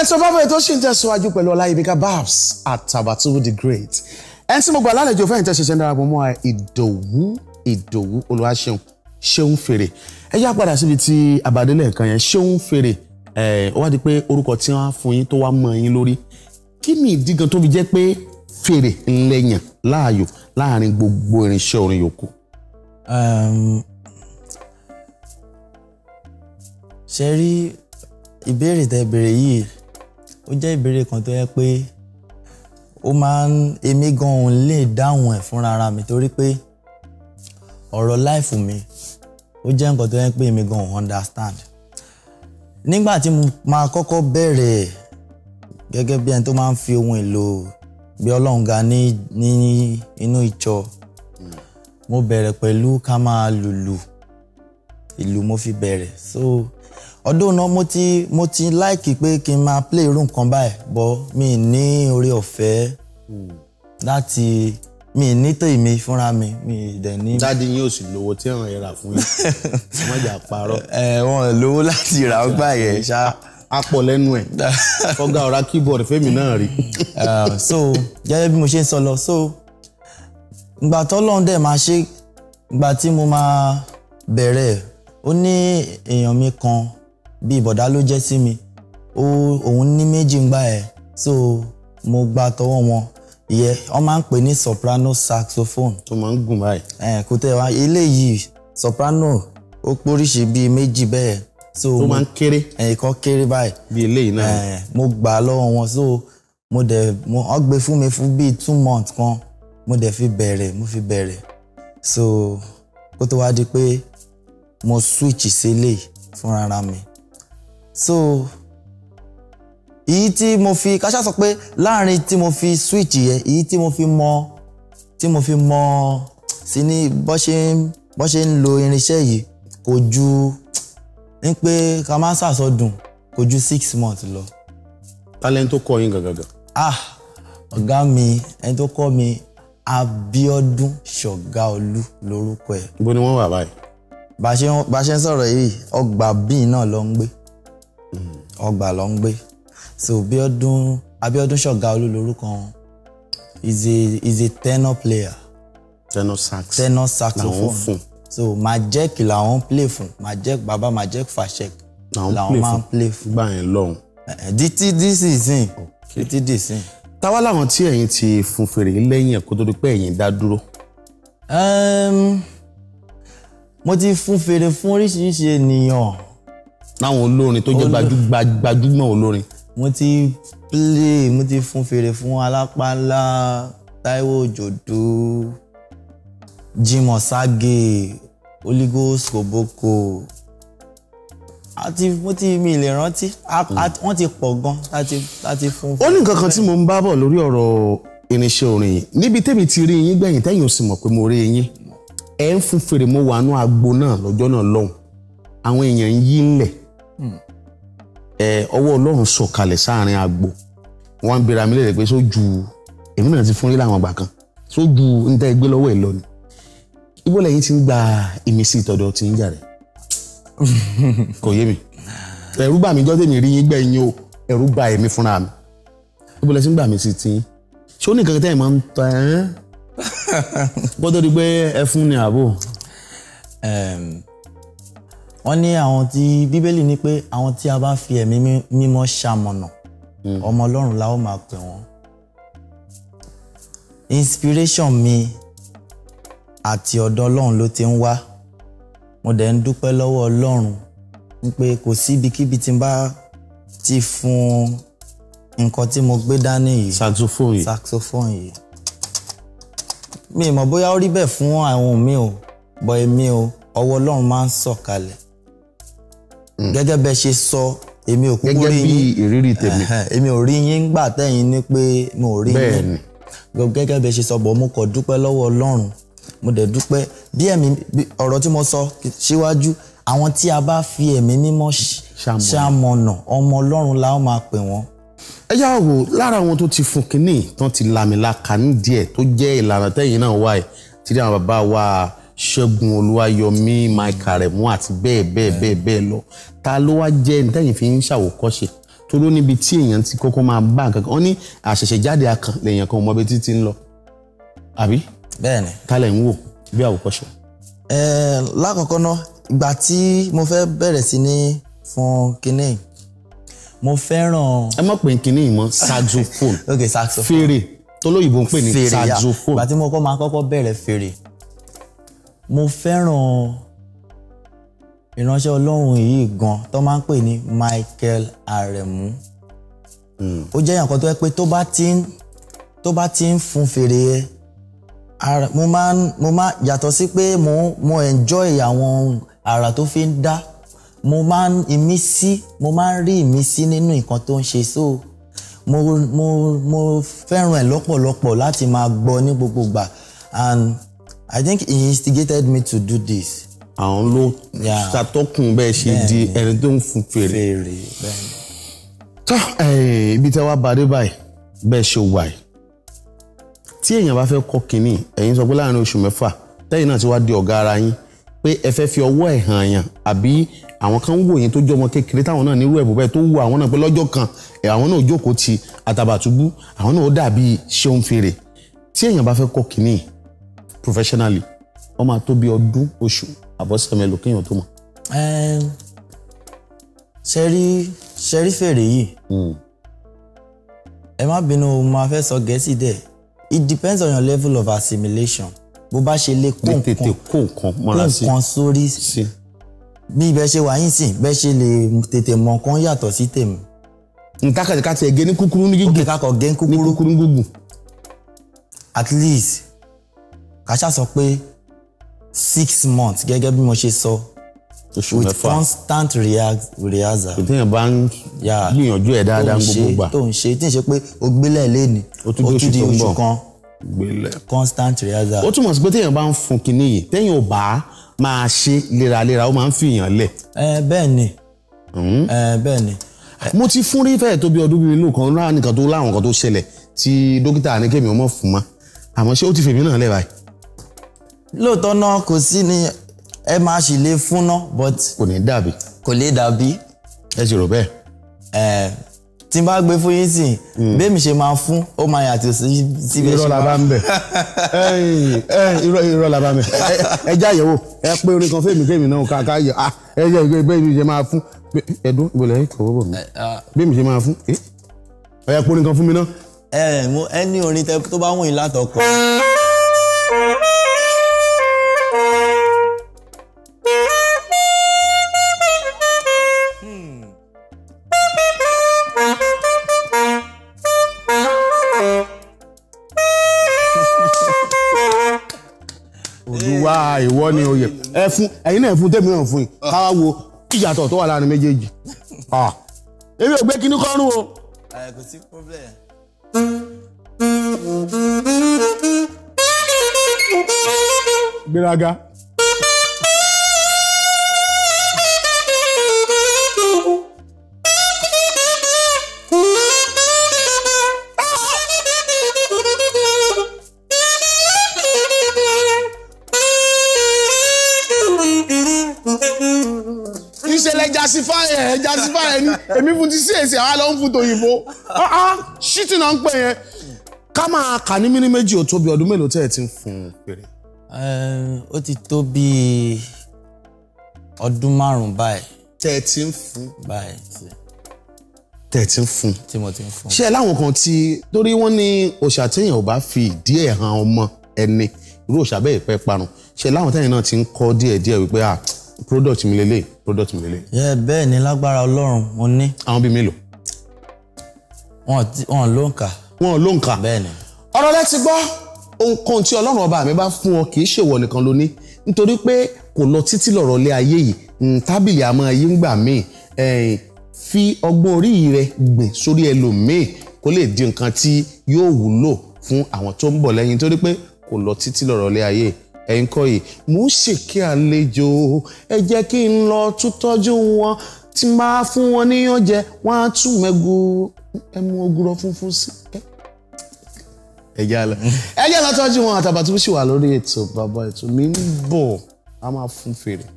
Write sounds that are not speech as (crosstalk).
ẹ̀sọ́ bá bẹ̀rẹ̀ tó ṣì ń tẹ̀síwájú pẹ̀lú ọláyíbíkà babs àtàbàtúbú the great ẹni tí mo gbà lálejò fẹ́yìntì ṣẹ̀ṣẹ̀ ń darapọ̀ mọ́ ìdòwú ìdòwú olùwàṣẹun ṣeun fèrè ẹ yá padà síbi tí àbádélẹ̀ kan yẹn ṣeun fèrè ẹ ó wá di pé orúkọ tí wọ́n á fún yín tó wá mọ yín lórí kí ni ìdí gan tó fi jẹ́ pé fèrè ńlẹ̀yàn láàyò láàrin gbogbo irinṣẹ́ orin yòókù. ṣe rí ìbéèrè tẹ́ béèrè yìí ó jẹ́ ìbéèrè kan tó yẹ pé ó máa ń èmi gan òun lè dáhùn ẹ̀ fúnra ara mi torí pé ọ̀rọ̀ láìfù mi ó jẹ́ nǹkan tó yẹ pé èmi gan òun understand nígbà tí mo máa kọ́kọ́ bẹ̀rẹ̀ gẹ́gẹ́ bí ẹni tó máa ń fi ohun èlò bí ọlọ́run ga ní inú ìjọ mo bẹ̀rẹ̀ pẹ̀lú ká máa lùlù. Mm ìlú mo fi bẹ̀rẹ̀ so ọdún náà mo ti mo ti láìkì pé kí n máa play irú nǹkan báyìí bọ́ mi ní orí ọ̀fẹ́ láti mi ní tèmi fúnra mi mi dẹ̀ ní. dáàdi yín ò sì lówó tí ẹ̀ràn yẹn rà fún yín (laughs) wọ́n jà parọ́. ẹ wọn lówó láti rà ó gbà yẹn ṣá. a pọ̀ lẹ́nu ẹ̀ (laughs) fọ́gá ọ̀rá keyboard fẹ́mi náà rí. (laughs) Uh, so gẹ́gẹ́ bí mo ṣe ń sọ lọ so ìgbà tọ́lọ́run dẹ̀ máa ṣe ìgbà tí mo máa bẹ̀rẹ̀ ó ní èèyàn mi kan bíi bọ̀dá ló jẹ́ sí mi ó òun ní méjì ń gbà ẹ̀ so mo gba tọwọ́ wọn ìyẹn wọ́n máa ń pè ní soprano saxophone. tó máa ń gùn báyìí. ẹ kò tẹ wá eléyìí soprano ó póríṣi bíi méjì bẹ́ẹ̀ so tó máa ń kéré. ẹ̀kọ́ kéré báyìí. bí eléyìí náà. ẹ mo gbà lọ́wọ́ wọn so mo dẹ̀ mo ọ́ gbé fún mi fún bíi two months kan mo dẹ̀ fi bẹ̀rẹ̀ mo fi bẹ̀rẹ̀ so kó tó wá di pé mo switch sí eléyìí fúnra mi so èyí tí mo fi káṣá sọ pé láàrin tí mo fi switch yẹn èyí tí mo fi mọ tí mo fi mọ sí ní bó ṣe ń bó ṣe ń lo irinṣẹ́ yìí kò ju ní pé ká má ṣàsọdùn kò ju six months lọ. talent tó kọ́ yín gàgàgà. ah ọ̀gá mi ẹni tó kọ́ mi Abíọ́dún Ṣọ̀gáolú lórúkọ ẹ̀. ibo ni wọ́n wà báyìí bá a ṣe ń sọ̀rọ̀ yìí ọgbà bíi náà ló ń gbé hmm. ọgbà ló ń gbé so Bíọ́dún Abíọ́dún Ṣọ̀gá Olú lórúkọ wọn is a is a tenor player tenor sax tenor saxophone so Majek làwọn play fún Majek baba Majek Fashek làwọn máa ń play fún gbà yẹn lọ́hùn. títí dísì sìn títí dísì. táwa làwọn tí ẹ̀yin ti fún fèrè lẹ́yìn ẹ̀kọ́ tó di pé ẹ̀yin dá dúró. Um, mo ti fún fèrè fún oríṣiríṣi ènìyàn. láwọn olórin tó jẹ́ gbajúmọ̀ olórin. mo ti play mo ti fún fèrè fún alápánlá Táíwò Òjòdú Jimoh Sage Oligos Koboko àti mo ti mi lè rántí hmm. wọ́n ti pọ̀ gan láti fún. ó ní nǹkan kan tí mo ń bá bọ̀ lórí ọ̀rọ̀ irinṣẹ́ orin yìí níbi tèmi ti rí yín gbẹ̀yìn tẹ́yìn ò sì mọ̀ pé mo rí yín ẹ ń fún fèrè wà agbo náà lọjọ náà lọ́hùn àwọn èèyàn ń yí ńlẹ̀ hmm. ẹ ọwọ́ ọlọ́run agbo wọn ń bera mi pé sójú èmi náà ti fún láwọn àgbà kan sójú ń tẹ́ ni ibo lẹ́yìn ti ń gba ìmísí ìtọ́dọ̀ ti ń jà rẹ̀ kò yé mi ẹ̀rú bà mi jọ́ o fúnra mi ibo lẹ́yìn ti ń gbà ṣé kó tó di pé ẹ fún ni àbò. wọ́n ní àwọn tí bíbélì ní pé àwọn tí a bá fi ẹ̀mí mímọ́ ṣamọ̀nà hmm. ọmọ ọlọ́run la ó máa pè wọ́n. inspiration mi àti ọ̀dọ̀ ọlọ́run ló ti ń wá mo dẹ̀ ń dúpẹ́ lọ́wọ́ ọlọ́run pé kò sí ibikíbi tí n bá ti fún nǹkan tí mo gbé dání saxophone yìí saxophone yìí mi mọ̀ bóyá ó rí bẹ́ẹ̀ fún àwọn mi o bọ́ èmi o ọwọ́ Ọlọ́run máa ń sọ̀kalẹ̀ hmm. gẹ́gẹ́ bẹ́ẹ̀ ṣe sọ èmi ò kúkú rí yín gẹ́gẹ́ bí ìrírí tèmi èmi ò rí yín gbà tẹ́yìn ní pé mi ò rí yín gẹ́gẹ́ bẹ́ẹ̀ ṣe sọ bọ́ mo kọ̀ dúpẹ́ lọ́wọ́ Ọlọ́run mo dẹ̀ dúpẹ́ bí ẹ̀mí ọ̀rọ̀ tí mo sọ síwájú àwọn tí a bá fi ẹ̀mí mímọ́ ṣamọ̀nà ọmọ Ọlọ́run la máa pè wọ́n ẹ yá wò lára àwọn tó ti fún kínní tán ti làmìlaka ní díẹ̀ tó jẹ́ ìlànà tẹ́yìn náà wáyé tí àwọn bàbá wa ṣẹ́gun olúwayọmí mike aremu àti bẹ́ẹ̀ bẹ́ẹ̀ bẹ́ẹ̀ bẹ́ẹ̀ lọ ta ló wá jẹ́ tẹ́yìn fi ń ṣàwòkọ́ṣe tó ló níbi tí èèyàn ti kọ́kọ́ máa bá nǹkan kan wọ́n ní àṣẹ̀ṣẹ̀jáde akàn lèèyàn kan mọbi títí ń lọ àbí. bẹ́ẹ̀ni talẹ ń wò bí àwòkọ́ṣe. ẹ lákọ̀ọ́kọ́ náà ìgbà tí mo fẹ́ bẹ̀rẹ̀ sí ní fún kinní mo fẹ́ràn. ẹ mọ̀ pé kínní ìmọ̀ saxophone (laughs) ok saxophone fèrè tolóyìnbó ń pè ní saxophone. gbàtí mo kọ́ máa kọ́kọ́ bẹ̀rẹ̀ fèrè mo fẹ́ràn ìránṣẹ́ ọlọ́run yìí gan tó máa ń pè ní Michael Aremu hmm. ó jẹ́ èèyàn kan tó yẹ pé tó bá ti ń tó bá ti ń fun fèrè yẹn mo máa mo máa yàtọ̀ sí pé mo mo enjoy àwọn àrà tó fi ń dá mo máa ń ìmísí mo máa ń rí ìmísí nínú nǹkan tó ń ṣe so mo mo mo fẹ́ràn ẹ̀ lọ́pọ̀lọpọ̀ láti máa gbọ́ ní gbogbo gbà and I think he instigated me to do this. àwọn ló ṣàtọkùn bẹ́ẹ̀ ṣe di ẹni tó ń fún fèrè. fèrè bẹ́ẹ̀ tó ibi tí wàá bàdé báyìí bẹ́ẹ̀ ṣe wà yìí tí èèyàn bá fẹ́ kọ́ kínní ẹ̀yin sọ pé láàrin oṣù mẹ́fà tẹ́yìn náà ti wá di ọ̀gá ara yín pé ẹ fẹ́ fi ọwọ́ ẹ̀ hàn yàn àbí àwọn kan ń wò yẹn tó jẹ́ ọmọ kékeré táwọn náà nírú ẹ̀bùn bẹ́ẹ̀ tó wù àwọn náà pé lọ́jọ́ kan àwọn náà jókòó ti àtàbàtúbú àwọn náà ó dàbí ṣéun fèrè tí èèyàn bá fẹ́ kọ́ kínní professionally wọ́n máa tó bí ọdún oṣù àbọ̀sẹ̀ mélòó kéèyàn tó mọ̀. ṣẹ́rí ṣẹ́rí fèrè yìí hmm. ẹ má bínú máa fẹ́ sọ gẹ̀ẹ́sì dẹ̀ it depends on your level of assimilation bó bá ṣe lè kó nǹkan kó nǹkan sórí sí bí ibẹ̀ ṣe wà yín sìn bẹ́ẹ̀ ṣe lè tètè mọ nǹkan yàtọ̀ sí tèmi. ntakàtí ká tiẹ̀ gé kúkúrú ní gígùn. òkè kakọ̀ gé ní kúkúrú ní kúkúrú ní gígùn. at least ká ṣá sọ pé six months gẹ́gẹ́ bí mo ṣe sọ oṣù mẹ́fà with constant rehearsal. ìtẹ̀yìn bá ń gbìyànjú ẹ̀ dáadáa gbogbo gbà. tó ń ṣe tó ń ṣe tí ń ṣe pé o gbélé lẹ́ni o tún di oṣù kan gbélẹ̀. constant rehearsal. ó túmọ̀ sí pé téèyàn bá ń fún kinní yìí téèyàn ò bá máa ṣe léraléra ó máa ń fi èèyàn lẹ̀. bẹ́ẹ̀ ni hmm? bẹ́ẹ̀ ni. mo ti fún rí fẹ́ẹ̀ tó bí ọdún bíi inú kan láwọn nìkan tó láwọn kan tó ṣẹlẹ̀ tí dókítà ní kémi ọmọ fún ma àmọ́ ṣé ó ti fèmí náà lẹ̀ báyìí. lóòótọ́ náà kò sí ni ẹ máa ṣì lè fún ná but. kò ní dàbí. kò lè dàbí. ẹ sì rò bẹ́ẹ̀ tí n bá gbé fún yín sìn mm. bẹ́ẹ̀mi ṣe máa fún ó máa yàtọ̀ sí síbẹ̀ ṣe máa. irọ́ la bá ń bẹ̀ (laughs) irọ́ la bá ń bẹ̀ ẹ já yẹ̀wò ẹ pé orin kan fèmí fèmí náà ká ká yẹ ah, ẹ yẹ ìgbẹ́ bẹ́ẹ̀mi ṣe máa fún ẹ̀dùn ìbọ̀lẹ̀ ẹ̀ kọ̀wé bọ̀ mí bẹ́ẹ̀mi ṣe máa fún ẹ ẹ pé orin kan fún mi náà. ẹ ẹ mo ẹ ní orin tó bá wù látọkọ. olúwa ìwọ ni oyè ẹ fún ẹ̀yin náà fún tèmi náà fún yìí káwá wo ìyàtọ̀ tó wà láàrin méjèèjì èmi ò gbé kinní kọ́rùn o. kò sí problem. gbéraga. lẹ jasify ẹ jasify ẹ ní èmi fún ti csc àwa lọ ń fún tòyìnbó ṣítì ah, ah, náà ń pè yẹn ká máa kà ní mímí méjì ó tó bí ọdún mélòó tẹ́ ẹ ti ń fún un péré. ó ti tó bí ọdún márùn-ún báyìí. tẹ́ ẹ ti ń fún. báyìí tẹ́ ẹ ti ń fún. tí mo ti ń fún. ṣé ẹ láwọn kan tí torí wọ́n ní òṣà téèyàn ò bá fi ìdí ẹ̀ hàn ọmọ ẹni irú òṣà bẹ́ẹ̀ pẹ́ parun ṣé láwọn téèyàn náà ti ń kọ́ díẹ̀díẹ̀ wípé ah product mi lélẹ́yìí product mi lélẹ̀. yẹ bẹ́ẹ̀ ni lágbára Ọlọ́run mo ní. àwọn bíi mélòó. wọn ò ló ń kà. wọn ò ló ń kà. bẹ́ẹ̀ ni. ọ̀rọ̀ lẹ ti gbọ́ ohunkóhun tí Ọlọ́run ọba mi bá fún ọ kì í ṣèwọ nìkan ló ní nítorí pé kò lọ títí lọ̀rọ̀ lé ayé yìí tábìlì àmọ́ ayé ń gbà míì fi ọgbọ́n orí rẹ gbìn sórí ẹlòmíì kó lè di nǹkan tí yóò wúlò fún àwọn tó ń bọ̀ lẹ́yìn torí pé kò lọ títí lọ̀rọ̀ lé ayé yìí ẹ̀yin kọ́ yìí mò ń ṣèké àlejò ẹ jẹ́ kí n lọ tún tọ́jú wọn tí máa fún wọn níyàn jẹ wọn á tún mẹ́gu ẹmu ogurọ funfun sí ẹ jẹ́ àlọ́ ẹ jẹ́ àlọ́ tọ́jú wọn Àtàbàtúbú sì wà lórí ètò bàbá ètò mi ń bọ̀ a máa fún fèrè.